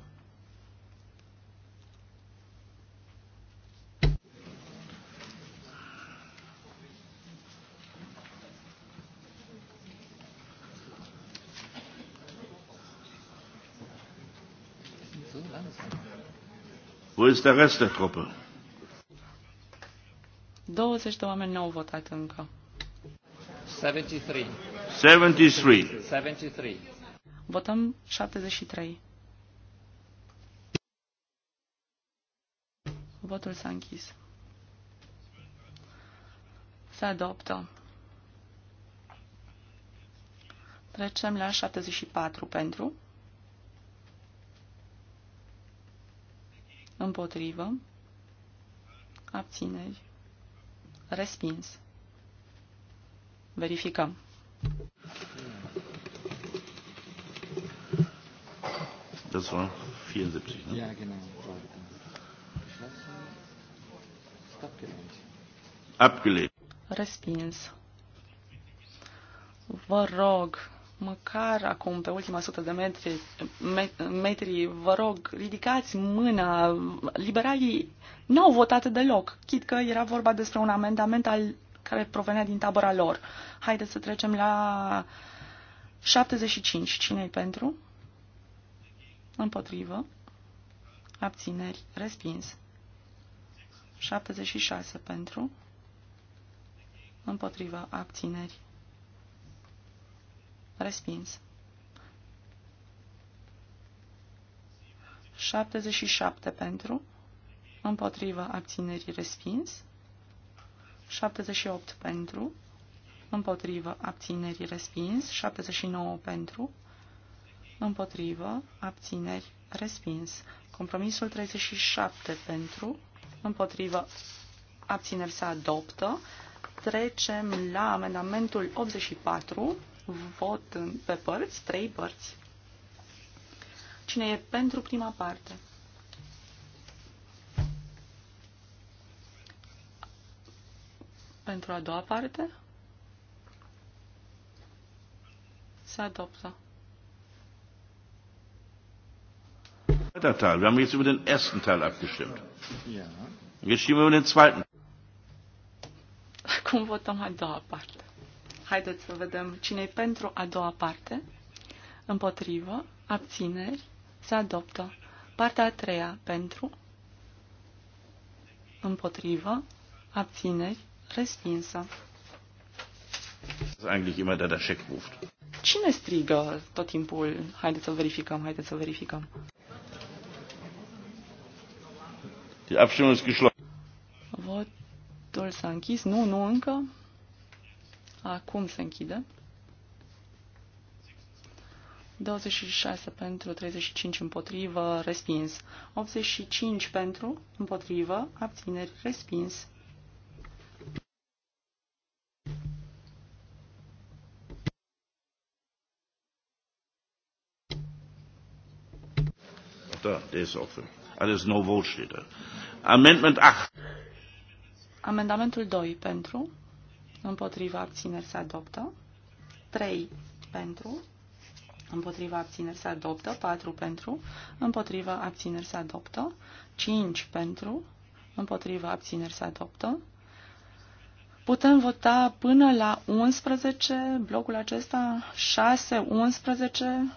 ist der Rest der Truppe? 20 de oameni n-au votat încă. 73. 73. 73. Votăm 73. Votul s-a închis. Se adoptă. Trecem la 74 pentru. Împotrivă. Abțineri. Respins. Verificăm. Das war 74, ne? Ja, genau. Abgelehnt. Respins. Vă rog măcar acum, pe ultima sută de metri, metri vă rog, ridicați mâna. Liberalii nu au votat deloc, chit că era vorba despre un amendament al, care provenea din tabăra lor. Haideți să trecem la 75. Cine-i pentru? Împotrivă. Abțineri. Respins. 76 pentru. Împotrivă. Abțineri. Respins. 77 pentru. Împotrivă abținerii respins. 78 pentru. Împotrivă abținerii respins. 79 pentru. Împotrivă abțineri respins. Compromisul 37 pentru. Împotrivă abțineri se adoptă. Trecem la amendamentul 84 vot pe părți, trei părți. Cine e pentru prima parte? Pentru a doua parte? Se adoptă. Teil. Wir haben jetzt über den ersten Teil abgestimmt. Ja. Jetzt stimmen wir über den zweiten. Acum votăm a doua parte. Haideți să vedem cine e pentru a doua parte. Împotrivă, abțineri, se adoptă. Partea a treia, pentru, împotrivă, abțineri, respinsă. Cine strigă tot timpul, haideți să verificăm, haideți să verificăm? Votul s-a închis, nu, nu încă. Acum se închide. 26 pentru, 35 împotrivă, respins. 85 pentru, împotrivă, abțineri, respins. Da, der ist offen. Alles no vote steht da. Amendment 8. Amendamentul 2 pentru, împotriva abțineri se adoptă, 3 pentru, împotriva abțineri se adoptă, 4 pentru, împotriva abțineri se adoptă, 5 pentru, împotriva abțineri se adoptă. Putem vota până la 11, blocul acesta, 6, 11,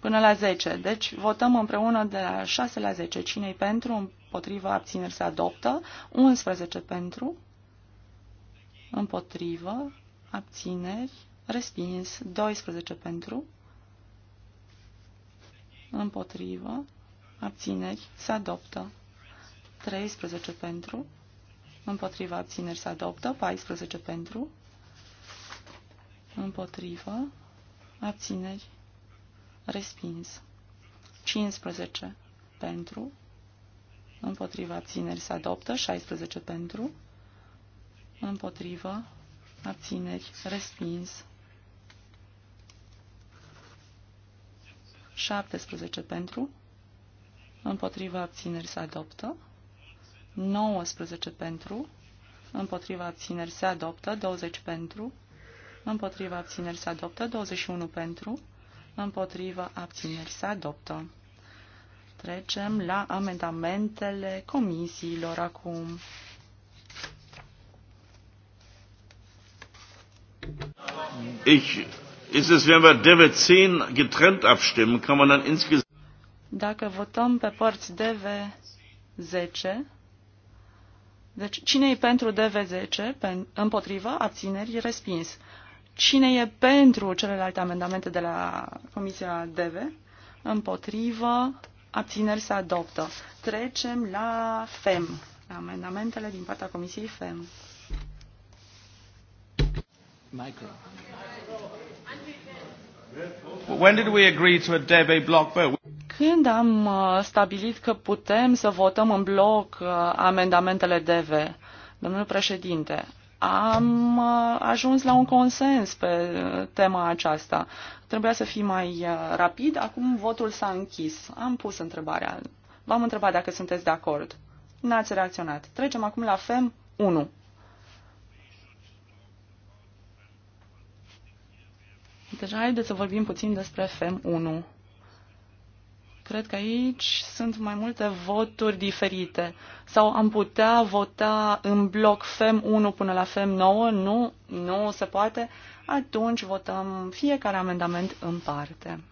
până la 10. Deci votăm împreună de la 6 la 10. Cine-i pentru, împotriva abțineri se adoptă, 11 pentru, împotrivă, abțineri, respins, 12 pentru, împotrivă, abțineri, se adoptă, 13 pentru, împotrivă, abțineri se adoptă, 14 pentru, împotrivă, abțineri, respins, 15 pentru, împotriva abțineri se adoptă, 16 pentru, împotrivă, abțineri, respins. 17 pentru, împotrivă abțineri se adoptă, 19 pentru, împotriva abțineri se adoptă, 20 pentru, împotriva abțineri se adoptă, 21 pentru, împotriva abțineri se adoptă. Trecem la amendamentele comisiilor acum. Ich, ist es, wenn wir DEVE 10 getrennt abstimmen, kann man dann insgesamt... Dacă votăm pe părți dv 10, deci cine e pentru DV10, pen, împotrivă, abțineri, respins. Cine e pentru celelalte amendamente de la Comisia DV, împotrivă, abțineri se adoptă. Trecem la FEM, la amendamentele din partea Comisiei FEM. Micro. When did we agree to a debate block vote? Când am uh, stabilit că putem să votăm în bloc uh, amendamentele DV, domnul președinte, am uh, ajuns la un consens pe tema aceasta. Trebuia să fii mai rapid, acum votul s-a închis. Am pus întrebarea. V-am întrebat dacă sunteți de acord. N-ați reacționat. Trecem acum la FEM 1. Deci haideți să vorbim puțin despre FEM1. Cred că aici sunt mai multe voturi diferite. Sau am putea vota în bloc FEM1 până la FEM9? Nu, nu se poate. Atunci votăm fiecare amendament în parte.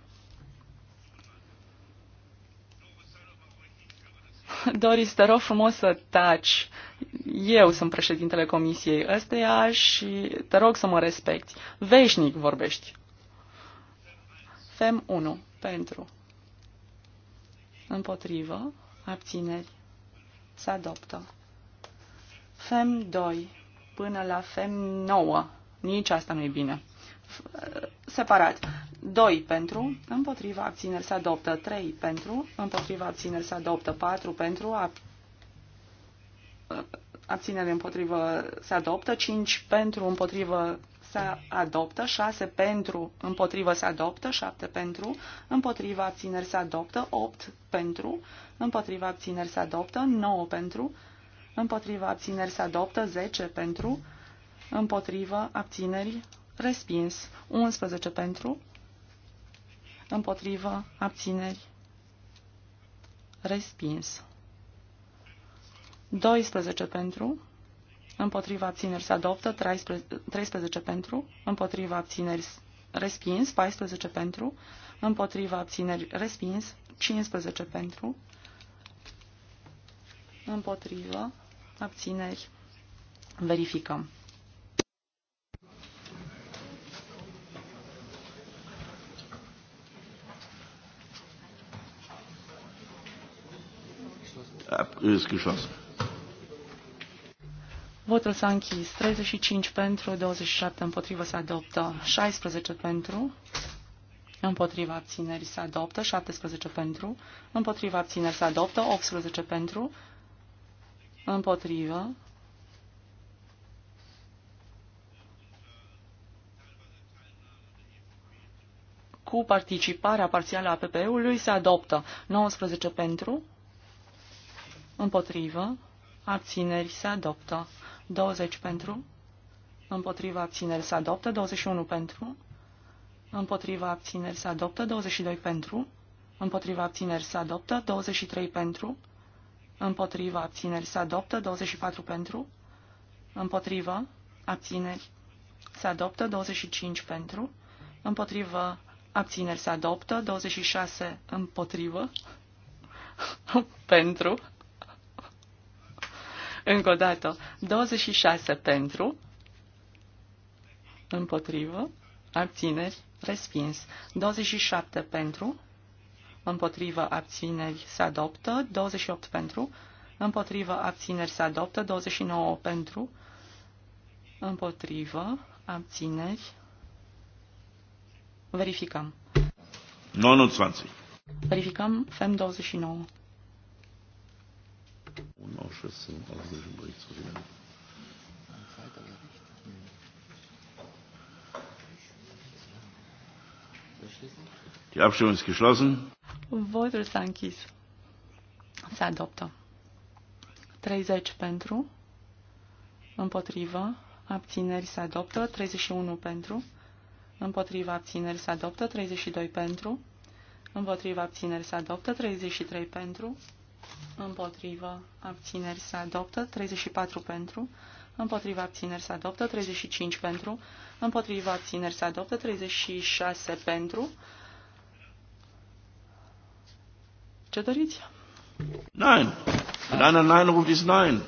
Doris, te rog frumos să taci. Eu sunt președintele comisiei ăsteia și te rog să mă respecti. Veșnic vorbești. FEM 1. Pentru. Împotrivă. Abțineri. Se adoptă. FEM 2 până la FEM 9. Nici asta nu e bine. Uh, separat. 2 pentru, împotriva abțineri se adoptă. 3 pentru, împotriva abțineri se adoptă. 4 pentru, ab... Uh, abținere împotrivă se adoptă. 5 pentru, împotrivă se adoptă, 6 pentru, împotrivă se adoptă, 7 pentru, împotriva abțineri se adoptă, 8 pentru, împotriva abțineri se adoptă, 9 pentru, împotriva abțineri se adoptă, 10 pentru, împotriva abțineri respins, 11 pentru, împotriva abțineri respins, 12 pentru, împotriva țineri se adoptă, 13, 13 pentru, împotriva țineri respins, 14 pentru, împotriva țineri respins, 15 pentru, împotriva abțineri verificăm. Abgeschlossen. Votul s-a închis. 35 pentru, 27 împotrivă se adoptă, 16 pentru, împotriva abținerii se adoptă, 17 pentru, împotriva abținerii se adoptă, 18 pentru, împotrivă, cu participarea parțială a PPE-ului se adoptă 19 pentru, împotrivă, abțineri se adoptă. 20 pentru, împotriva abțineri se adoptă, 21 pentru, împotriva abțineri se adoptă, 22 pentru, împotriva abțineri se adoptă, 23 pentru, împotriva abțineri se adoptă, 24 pentru, împotriva abțineri se adoptă, 25 pentru, împotriva abțineri se adoptă, 26 împotrivă, pentru, încă o dată. 26 pentru, împotrivă, abțineri, respins. 27 pentru, împotrivă, abțineri, se adoptă. 28 pentru, împotrivă, abțineri, se adoptă. 29 pentru, împotrivă, abțineri, verificăm. 29. Verificăm FEM 29. Un Ausschuss zum ausländischen Bericht zu Die Abstimmung ist geschlossen. Votul s-a închis. Se adoptă. 30 pentru, împotrivă, abțineri se adoptă, 31 pentru, împotrivă, abțineri se adoptă, 32 pentru, împotrivă, abțineri se adoptă, 33 pentru, împotrivă, abțineri se adoptă, 34 pentru, Împotrivă abțineri se adoptă, 35 pentru, Împotrivă abțineri se adoptă, 36 pentru. Ce doriți? Nein. Nein, nein, nein, ruft nein.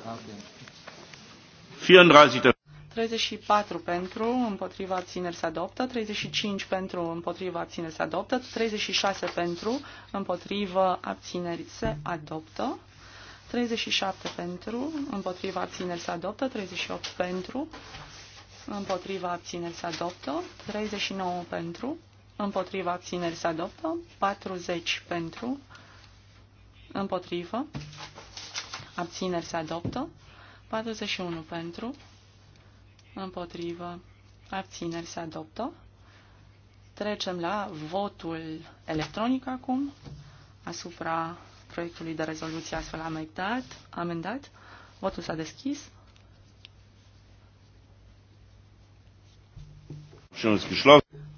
34. 34 pentru, împotriva abțineri se adoptă, 35 pentru, împotriva abțineri se adoptă, 36 pentru, împotriva abțineri se adoptă, 37 pentru, împotriva abțineri se adoptă, 38 pentru, împotriva abțineri se adoptă, 39 pentru, împotriva abțineri se adoptă, 40 pentru, împotriva, abțineri se adoptă, 41 pentru, Împotrivă. Abțineri se adoptă. Trecem la votul electronic acum asupra proiectului de rezoluție astfel amendat. amendat. Votul s-a deschis.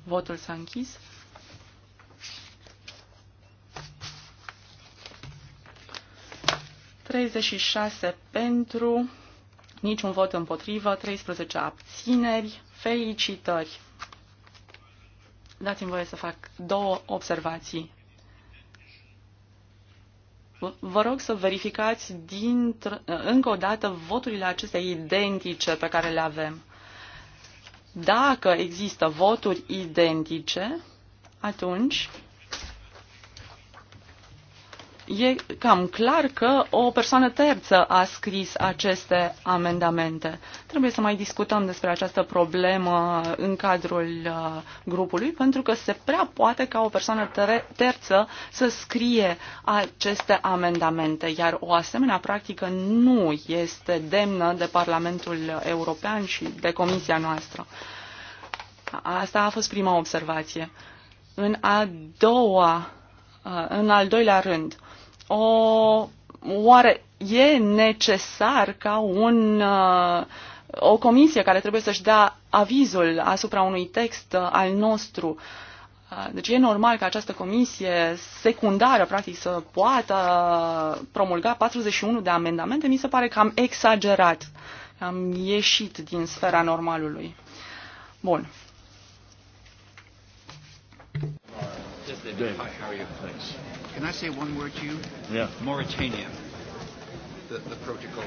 Votul s-a închis. Treizeci și șase pentru niciun vot împotrivă, 13 abțineri. Felicitări! Dați-mi voie să fac două observații. Vă rog să verificați dintr- încă o dată voturile acestea identice pe care le avem. Dacă există voturi identice, atunci e cam clar că o persoană terță a scris aceste amendamente. Trebuie să mai discutăm despre această problemă în cadrul uh, grupului, pentru că se prea poate ca o persoană terță să scrie aceste amendamente, iar o asemenea practică nu este demnă de Parlamentul European și de Comisia noastră. Asta a fost prima observație. În a doua uh, în al doilea rând, o, oare e necesar ca un, uh, o comisie care trebuie să-și dea avizul asupra unui text uh, al nostru? Uh, deci e normal ca această comisie secundară, practic, să poată promulga 41 de amendamente? Mi se pare că am exagerat, am ieșit din sfera normalului. Bun. Dave. Hi, how are you? Thanks. Can I say one word to you? Yeah. Mauritania. The, the protocol